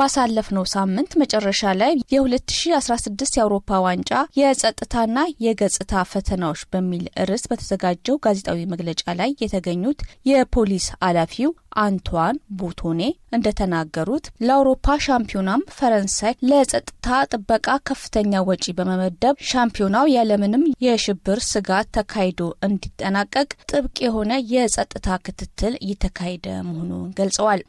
ባሳለፍነው ሳምንት መጨረሻ ላይ የ2016 የአውሮፓ ዋንጫ የጸጥታና የገጽታ ፈተናዎች በሚል ርዕስ በተዘጋጀው ጋዜጣዊ መግለጫ ላይ የተገኙት የፖሊስ ኃላፊው አንቷን ቦቶኔ እንደተናገሩት ለአውሮፓ ሻምፒዮናም ፈረንሳይ ለጸጥታ ጥበቃ ከፍተኛ ወጪ በመመደብ ሻምፒዮናው ያለምንም የሽብር ስጋት ተካሂዶ እንዲጠናቀቅ ጥብቅ የሆነ የጸጥታ ክትትል እየተካሄደ መሆኑን ገልጸዋል።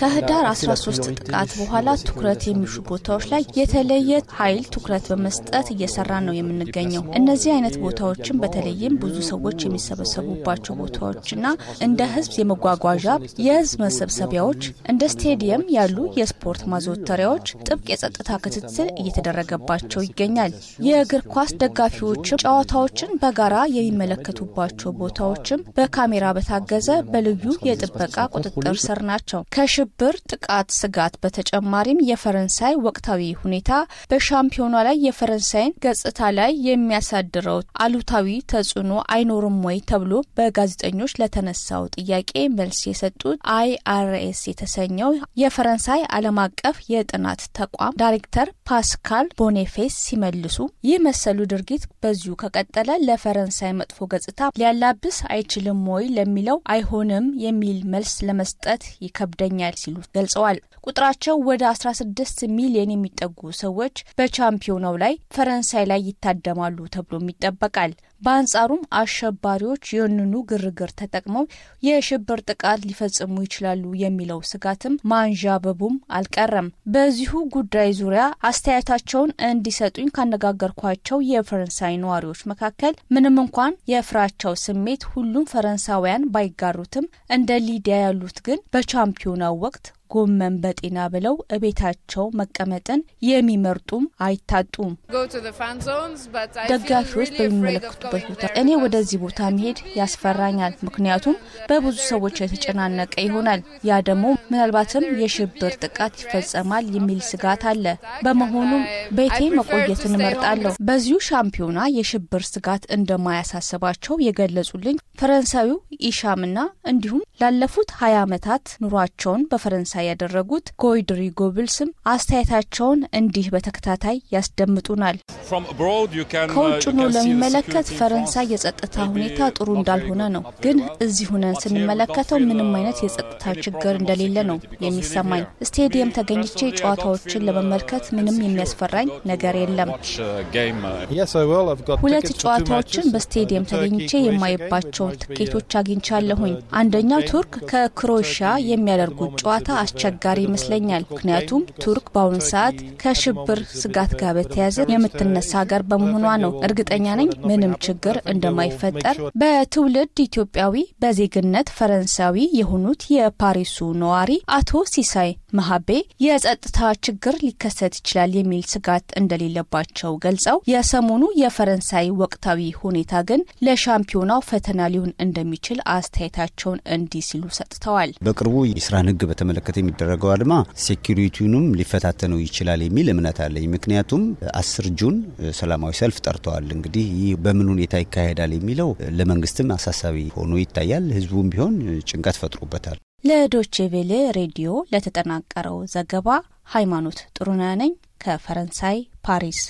ከህዳር 13 ጥቃት በኋላ ትኩረት የሚሹ ቦታዎች ላይ የተለየ ኃይል ትኩረት በመስጠት እየሰራ ነው የምንገኘው። እነዚህ አይነት ቦታዎችን በተለይም ብዙ ሰዎች የሚሰበሰቡባቸው ቦታዎችና እንደ ህዝብ የመጓጓዣ የህዝብ መሰብሰቢያዎች፣ እንደ ስቴዲየም ያሉ የስፖርት ማዘወተሪያዎች ጥብቅ የጸጥታ ክትትል እየተደረገባቸው ይገኛል። የእግር ኳስ ደጋፊዎችም ጨዋታዎችን በጋራ የሚመለከቱባቸው ቦታዎችም በካሜራ በታገዘ በልዩ የጥበቃ ቁጥጥር ስር ናቸው። ከሽብር ጥቃት ስጋት በተጨማሪም የፈረንሳይ ወቅታዊ ሁኔታ በሻምፒዮኗ ላይ የፈረንሳይን ገጽታ ላይ የሚያሳድረው አሉታዊ ተጽዕኖ አይኖርም ወይ ተብሎ በጋዜጠኞች ለተነሳው ጥያቄ ጥያቄ መልስ የሰጡት አይአርኤስ የተሰኘው የፈረንሳይ ዓለም አቀፍ የጥናት ተቋም ዳይሬክተር ፓስካል ቦኔፌስ ሲመልሱ ይህ መሰሉ ድርጊት በዚሁ ከቀጠለ ለፈረንሳይ መጥፎ ገጽታ ሊያላብስ አይችልም ወይ ለሚለው አይሆንም የሚል መልስ ለመስጠት ይከብደኛል ሲሉ ገልጸዋል። ቁጥራቸው ወደ 16 ሚሊዮን የሚጠጉ ሰዎች በቻምፒዮናው ላይ ፈረንሳይ ላይ ይታደማሉ ተብሎም ይጠበቃል። በአንጻሩም አሸባሪዎች ይህንኑ ግርግር ተጠቅመው የሽብር ጥቃት ሊፈጽሙ ይችላሉ የሚለው ስጋትም ማንዣበቡም አልቀረም። በዚሁ ጉዳይ ዙሪያ አስተያየታቸውን እንዲሰጡኝ ካነጋገርኳቸው የፈረንሳይ ነዋሪዎች መካከል ምንም እንኳን የፍራቻው ስሜት ሁሉም ፈረንሳውያን ባይጋሩትም እንደ ሊዲያ ያሉት ግን በቻምፒዮናው ወቅት ጎመን በጤና ብለው እቤታቸው መቀመጥን የሚመርጡም አይታጡም። ደጋፊዎች በሚመለከቱበት ቦታ እኔ ወደዚህ ቦታ መሄድ ያስፈራኛል፣ ምክንያቱም በብዙ ሰዎች የተጨናነቀ ይሆናል። ያ ደግሞ ምናልባትም የሽብር ጥቃት ይፈጸማል የሚል ስጋት አለ። በመሆኑም ቤቴ መቆየትን እመርጣለሁ። በዚሁ ሻምፒዮና የሽብር ስጋት እንደማያሳስባቸው የገለጹልኝ ፈረንሳዊው ኢሻምና እንዲሁም ላለፉት ሀያ ዓመታት ኑሯቸውን በፈረንሳይ ያደረጉት ጎይድሪ ጎብልስም አስተያየታቸውን እንዲህ በተከታታይ ያስደምጡናል። uh, ከውጭ ሆኖ ለሚመለከት ፈረንሳይ የጸጥታ ሁኔታ ጥሩ እንዳልሆነ ነው፣ ግን እዚህ ሁነን ስንመለከተው ምንም አይነት uh, የጸጥታ ችግር እንደሌለ ነው የሚሰማኝ። ስቴዲየም ተገኝቼ ጨዋታዎችን uh, ለመመልከት ምንም የሚያስፈራኝ ነገር የለም። ሁለት ጨዋታዎችን በስቴዲየም ተገኝቼ የማይባቸውን ትኬቶች አግኝቻለሁኝ። አንደኛው ቱርክ ከክሮኤሽያ የሚያደርጉት ጨዋታ አስቸጋሪ ይመስለኛል። ምክንያቱም ቱርክ በአሁኑ ሰዓት ከሽብር ስጋት ጋር በተያያዘ የምትነሳ ሀገር በመሆኗ ነው። እርግጠኛ ነኝ ምንም ችግር እንደማይፈጠር። በትውልድ ኢትዮጵያዊ በዜግነት ፈረንሳዊ የሆኑት የፓሪሱ ነዋሪ አቶ ሲሳይ መሀቤ የጸጥታ ችግር ሊከሰት ይችላል የሚል ስጋት እንደሌለባቸው ገልጸው የሰሞኑ የፈረንሳይ ወቅታዊ ሁኔታ ግን ለሻምፒዮናው ፈተና ሊሆን እንደሚችል አስተያየታቸውን እንዲህ ሲሉ ሰጥተዋል። በቅርቡ የስራን ህግ በተመለከተ በሚመለከት የሚደረገው አድማ ሴኪሪቲውንም ሊፈታተነው ይችላል የሚል እምነት አለኝ። ምክንያቱም አስር ጁን ሰላማዊ ሰልፍ ጠርተዋል። እንግዲህ ይህ በምን ሁኔታ ይካሄዳል የሚለው ለመንግስትም አሳሳቢ ሆኖ ይታያል። ህዝቡም ቢሆን ጭንቀት ፈጥሮበታል። ለዶቼ ቬሌ ሬዲዮ ለተጠናቀረው ዘገባ ሃይማኖት ጥሩነህ ነኝ ከፈረንሳይ ፓሪስ